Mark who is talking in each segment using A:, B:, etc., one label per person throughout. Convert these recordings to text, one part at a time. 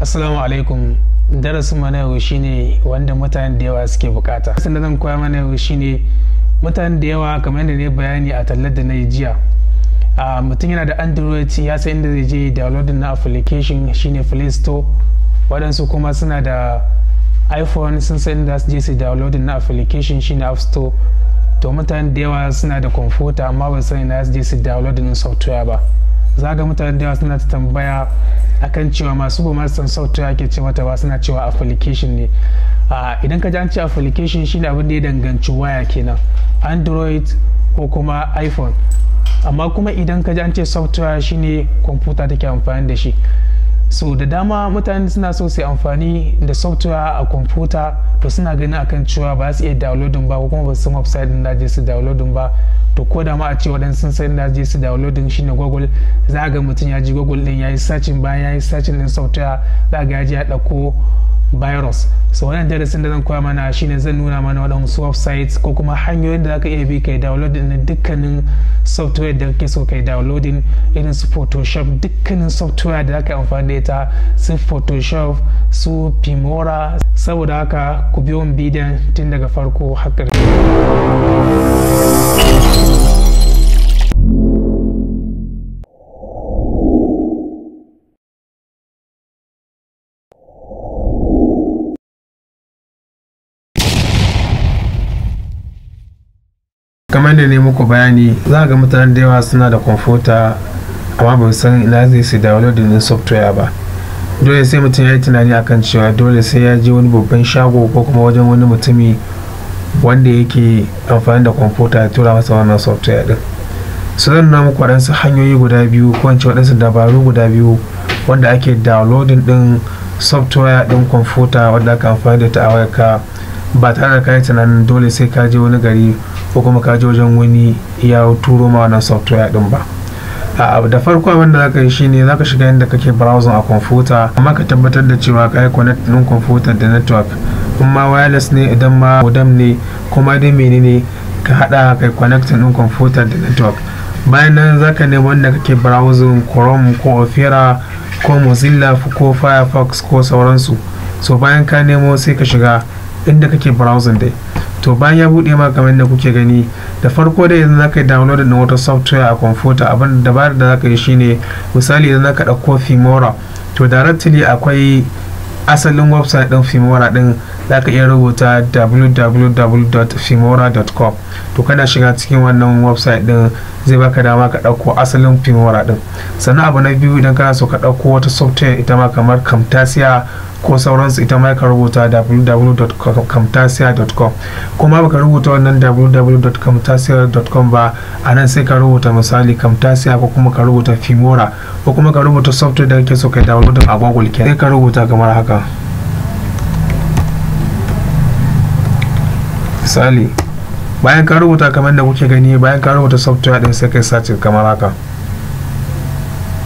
A: assalamu alaikum darasin mana yau shine wanda mutane da yawa suke bukata darasin da zan koya mana yau shine mutane da yawa kamar yadda ne bayani a tallar da na yi jiya mutum yana da android ya san inda zai je downloading na application shine play store waɗansu kuma suna da iphone sun san inda su je su downloading na application shine app store to mutane da yawa suna da kwamfuta amma ba su san inda su je su downloading software ba za ga mutane da yawa suna ta tambaya akan cewa masu goma masu san ake ce mata ba suna cewa application ne idan ka ji an ce application shine abin da ya danganci waya kenan android ko kuma iphone amma kuma idan ka ji an ce software shine kwamfuta take amfani da shi so da dama mutane suna so su amfani da software a kwamfuta to suna ganin akan cewa ba su iya downloading ba ko kuma ba su san website din da je su downloading ba to ko da ma a ce waɗansu sun san da je su downloading shine google za a ga mutum ya ji google din ya yi searching bayan ya yi searching din software za ga ya ya ɗauko virus so wannan darasin da zan koya mana shine zan nuna mana waɗansu websites ko kuma hanyoyin da zaka iya bi kai downloading na dukkanin software da kake so kai downloading irin su photoshop dukkanin software da zaka amfani da ita su photoshop su pimora saboda haka ku biyo bidiyon tun daga farko har da ne muku bayani za ga mutane da yawa suna da kwamfuta amma ba san ina zai su download din software ba dole sai mutum ya yi tunani akan cewa dole sai ya je wani babban shago ko kuma wajen wani mutumi wanda yake amfani da kwamfuta ya tura masa wannan software din su zan nuna muku waɗansu hanyoyi guda biyu ko ce waɗansu dabaru guda biyu wanda ake downloading din software din kwamfuta wanda aka amfani da ta a ba tare da ka yi tunanin dole sai ka je wani gari ko kuma ka wajen wani ya turo ma wannan software din ba a da farko abin da za ka yi shine za ka shiga inda kake browsing a kwamfuta amma ka tabbatar da cewa ka yi connect din da network kuma wireless ne idan ma modem ne kuma dai menene ka hada kai connect din kwamfutar da network bayan nan za ka nemi wanda kake browsing chrome ko opera ko mozilla ko firefox ko sauransu so bayan ka nemo sai ka shiga inda kake browsing dai to bayan ya buɗe ma kamar da kuke gani da farko da yanzu zaka yi download na wata software a kwamfuta abin da ba da zaka yi shine misali idan zaka ɗauko fimora to directly akwai asalin website ɗin fimora ɗin za ka iya rubuta www.fimora.com to kana shiga cikin wannan website din zai baka dama ka ɗauko asalin fimora din sannan abu na biyu idan kana so ka ɗauko wata software ita ma kamar camtasia ko sauransu ita ma ka rubuta www.camtasia.com kuma baka rubuta wannan www.camtasia.com ba a nan sai ka rubuta misali camtasia ko kuma ka rubuta fimora ko kuma ka rubuta software da kake so ka download a google kenan sai ka rubuta kamar haka misali bayan ka rubuta kamar da kuke gani bayan ka rubuta software din sai kai sace kamar haka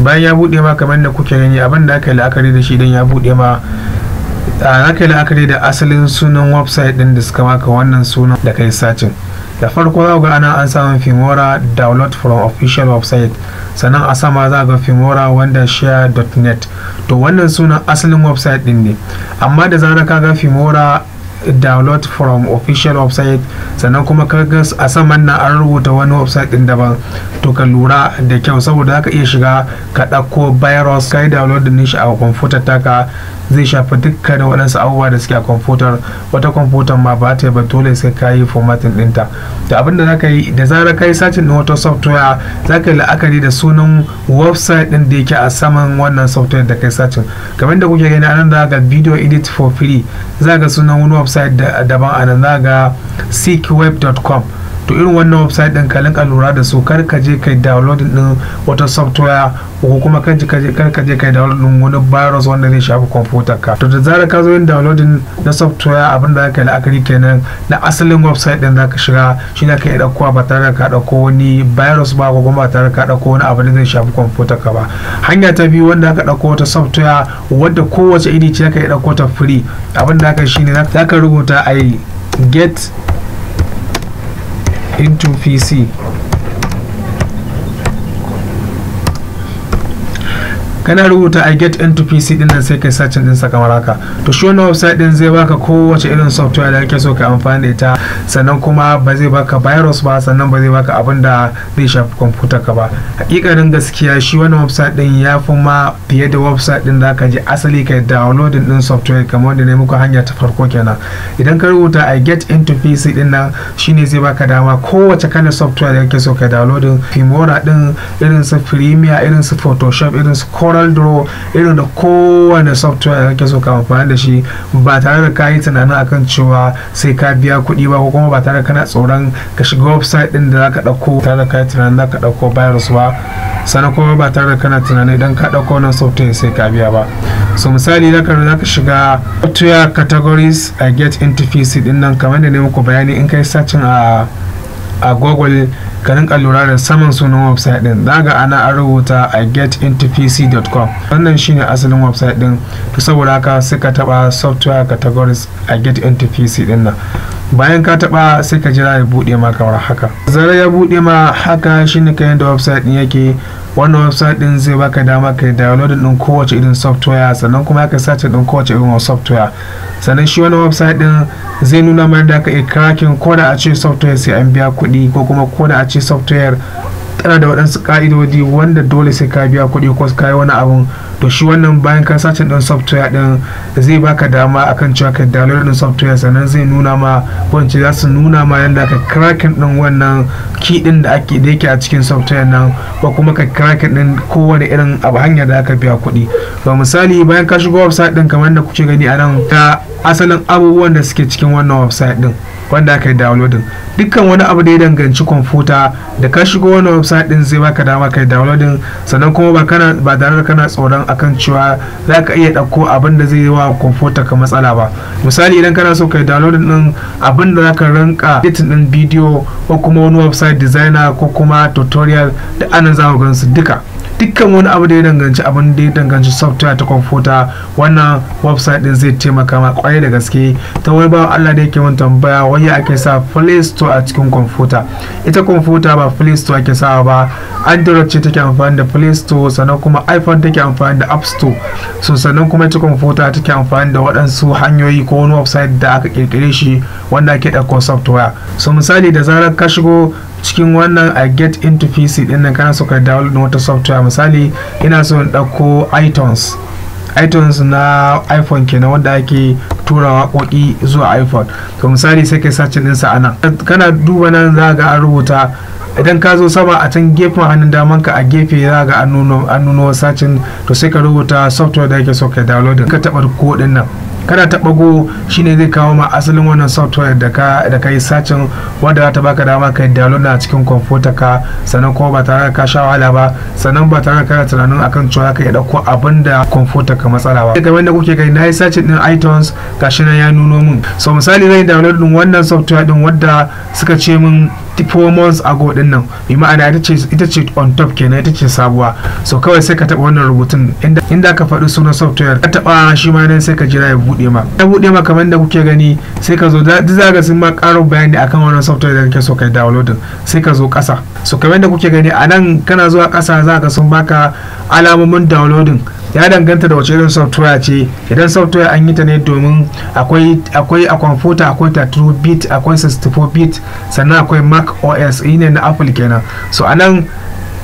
A: bayan ya bude ma kamar da kuke gani abin da aka yi la'akari da shi din ya bude ma a aka yi la'akari da asalin sunan website din da suka maka wannan sunan da kai sacin da farko za ga ana an samun fimora download from official website sannan a sama za ga fimora wanda share.net to wannan sunan asalin website din ne amma da zarar ka ga fimora download from official website sannan kuma kaga a saman nan an rubuta wani website din daban to ka lura da kyau saboda zaka iya shiga ka ɗauko virus kai download din shi a kwamfutar taka zai shafi dukkanin waɗansu abubuwa da suke a kwamfutar wata kwamfutar ma ba ta ba dole sai ka yi formatting ɗinta da abin da zaka yi da zarar ka yi sacin ɗin wata software za ka yi la'akari da sunan website ɗin da yake a saman wannan software da kai sacin kamar da kuke gani anan za ga video edit for free za ga sunan wani website daban anan za ga seekweb.com to irin wannan website din ka linka lura da su kar ka je kai download din wata software ko kuma kan ji kar ka je kai download din wani virus wanda zai shafi computer ka to da zarar ka zo yin downloading na software abin da zaka yi la'akari kenan na asalin website din zaka shiga shi ne ka iya dauko ba tare da ka dauko wani virus ba ko kuma ba tare da ka dauko wani abin da zai shafi computer ka ba hanya ta biyu wanda aka dauko wata software wadda kowace iri ce ka yi dauko ta free abin da aka shi ne zaka rubuta ai get into PC kana rubuta i get into pc din sai kai sacin din kamar haka to shi wannan website din zai baka kowace irin software da kake so ka amfani da ita sannan kuma ba zai baka virus ba sannan ba zai baka abin da zai shafi kwamfutar ka ba hakikanin gaskiya shi wannan website din ya fi ma fiye da website din da ka je asali kai downloading din software kamar wanda ne muku hanya ta farko kenan idan ka rubuta i get into pc din nan shine zai baka dama kowace kalar software da kake so ka downloading fimora din irin su premiere irin su photoshop irin su corel draw irin da kowane software kake so ka amfani da shi ba tare da ka yi tunanin akan cewa sai ka biya kuɗi ba ko kuma ba tare da kana tsoron ka shiga website din da za ka ɗauko tare da ka yi tunanin za ka ɗauko virus ba sannan kuma ba tare da kana tunanin idan ka ɗauko wannan software sai ka biya ba so misali za ka shiga software categories a get interface din nan kamar da ne muku bayani in kai searching a a google ka kallura da saman sunan website din zaga ana an rubuta a getintopc.com wannan shine asalin website din to saboda haka suka taba software categories a getintopc din nan bayan ka taba sai ka jira ya bude ma kamar haka zara ya bude ma haka shine kai da website din yake wannan website din zai baka dama kai download din kowace irin software sannan kuma ka sace din kowace irin software sannan shi wani website din zai nuna mana da aka iya koda ko a ce software sai an biya kuɗi ko kuma koda a ce software tana da waɗansu ƙa'idodi wanda dole sai ka biya kuɗi ko ka yi wani abun to shi wannan bayan ka sace ɗin software ɗin zai baka dama akan cewa ka download ɗin software sannan zai nuna ma wance za su nuna ma yadda ka cracking ɗin wannan key ɗin da ake da yake a cikin software nan ko kuma ka cracking ɗin kowane irin abu hanyar da aka biya kuɗi ba misali bayan ka shigo website ɗin kamar da kuke gani a nan ta asalin abubuwan da suke cikin wannan website ɗin wanda aka yi downloading dukkan wani abu da ya danganci kwamfuta da ka shigo wani website din zai baka dama kai downloading sannan kuma ba kana ba tare da kana tsoron akan cewa za ka iya dauko abin da zai yi wa kwamfuta ka matsala ba misali idan kana so kai downloading din abin da za ka rinka editing din bidiyo ko kuma wani website designer ko kuma tutorial da anan za ku su duka dukkan wani abu da ya danganci abin da ya danganci software ta kwamfuta wannan website din zai taimaka ma kwaye da gaske ta wani bawan Allah da yake mun tambaya wani ake sa Play Store a cikin kwamfuta ita kwamfuta ba Play Store ake sawa ba Android ce take amfani da Play Store sannan kuma iPhone take amfani da App Store so sannan kuma ita kwamfuta take amfani da waɗansu hanyoyi ko wani website da aka kirkire shi wanda ake ɗauko software so misali da zarar ka shigo cikin wannan a get into pc din nan kana so ka download wata software misali ina so in dauko itunes itunes na iphone kenan wanda ake tura waƙoƙi zuwa iphone to misali sai kai sacin ɗinsa a nan kana duba nan za ga an rubuta idan ka zo sama a can gefen hannun daman ka a gefe za ga an nuno sacin to sai ka rubuta software da yake so ka download ka taɓa ko nan kada ta bago shine zai kawo ma asalin wannan software da ka da kai yi sacin wanda za ta baka dama ka yi download a cikin computer ka sannan kuma ba tare da ka sha wahala ba sannan ba tare da tunanin akan cewa ka yi dauko abin da ka matsala ba kamar da kuke gani na yi sacin din iTunes gashi na ya nuno min so misali zan yi download din wannan software din wadda suka ce min 4 months ago din nan bi ma'ana ita ce on top kenan ita ce sabuwa so kawai sai ka taba wannan rubutun inda ka faɗi sunan software ka taba shi ma nan sai ka jira ya bude ma ya bude ma kamar da kuke gani sai ka zo da zaga sun ma karo bayani akan wannan software da kake so kai downloading sai ka zo ƙasa so kamar da kuke gani a nan kana zuwa kasa zaka sun baka alamomin downloading ya danganta da wace irin software ce idan software an yi ta ne domin akwai a kwamfuta akwai 32 bit akwai 64 bit sannan akwai mac os ne na apple kenan so anan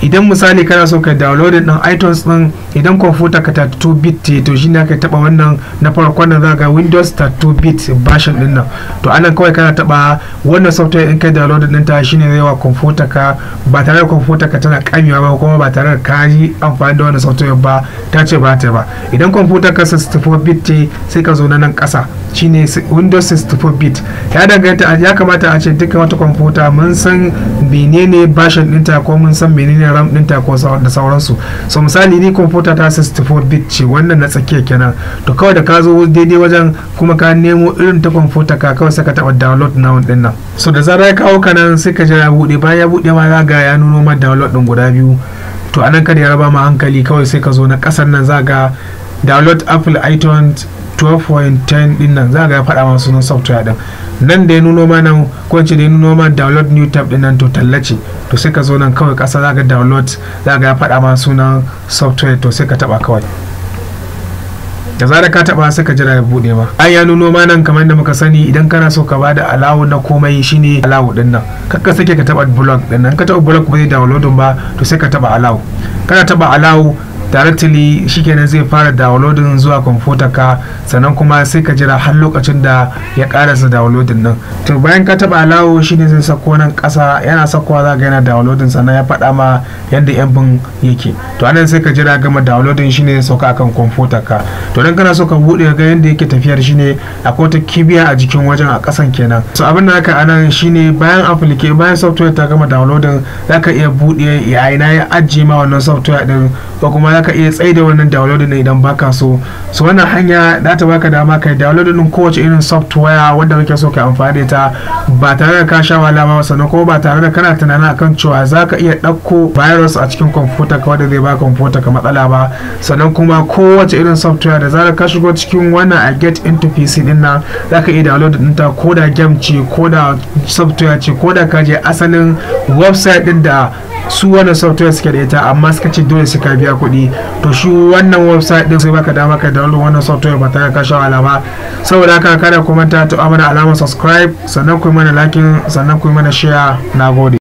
A: idan misali kana so ka downloaded din itunes ɗin idan kwamfuta ka 32 bit ce to shi shine ka taba wannan na farkon nan ga windows 32 bit version ɗin nan to anan kawai kana taba wannan software in ka downloaded ɗin ta shine zai wa kwamfuta ka ba tare da kwamfuta ka tana kamewa ba kuma ba tare da ka yi amfani da wannan software ba ta ce ba ta ba idan kwamfuta ka 64 bit ce sai ka zo na nan ƙasa. shine windows 64 bit ya danganta ya kamata a ce dukkan wata kwamfuta mun san menene bashin dinta ko mun san menene ram dinta ko da sauransu so misali ni kwamfuta ta 64 bit ce wannan na tsakiya kenan to kawai da ka zo daidai wajen kuma ka nemo irin ta kwamfuta ka kawai sai ka taba download na din nan so da zarar ya kawo ka nan sai ka jira ya bude bayan ya bude ma ga ya nuno ma download din guda biyu to anan kada ya raba ma hankali kawai sai ka zo na kasan nan za ga download apple itunes 12.10 din nan za ga ya faɗa ma sunan software din nan da ya nuno ma nan ko da ya nuno ma download new tab din to tallace to sai ka zo nan kawai ƙasa za ga download za ga ya faɗa ma sunan software to sai ka taɓa kawai da zarar ka taba sai ka jira ya bude ma an ya nuno ma nan kamar da muka sani idan kana so ka bada alawu na komai shine alawu din nan kakka sake ka taba blog din nan ka taba blog ba zai download ba to sai ka taba alawu kana taba alawu directly shikenan zai fara downloading zuwa kwamfuta ka sannan kuma sai ka jira har lokacin da ya karasa downloading nan to bayan ka taba alawo shine zai sako nan kasa yana sakowa za ga yana downloading sannan ya faɗa ma yadda yan bin yake to anan sai ka jira gama downloading shine ya sauka akan kwamfuta ka to dan kana so ka bude ga yadda yake tafiyar shine akwai ta kibiya a jikin wajen a kasan kenan so abin da aka anan shine bayan application bayan software ta gama downloading zaka iya bude ya aina ya ajiye ma wannan software din ko kuma za ka iya tsaida wannan downloading din idan baka so so wannan hanya za ta baka dama kai downloading din kowace irin software wanda kake so ka amfani da ta ba tare da ka sha wahala ba sannan ko ba tare da kana tunanin akan cewa za ka iya ɗauko virus a cikin kwamfuta ka wanda zai ba kwamfuta ka matsala ba sannan kuma kowace irin software da zarar ka shigo cikin wannan a get into pc din nan za ka iya download din ta ko da game ce ko da software ce ko da ka je asalin website din da su wannan software suke da ita amma suka ce dole suka biya kuɗi to shi wannan website din sai baka dama ka download wannan software ba ta ka kashe wala ba saboda haka kada kuma ta to amana alamar subscribe sannan ku mana like sannan ku mana share nagode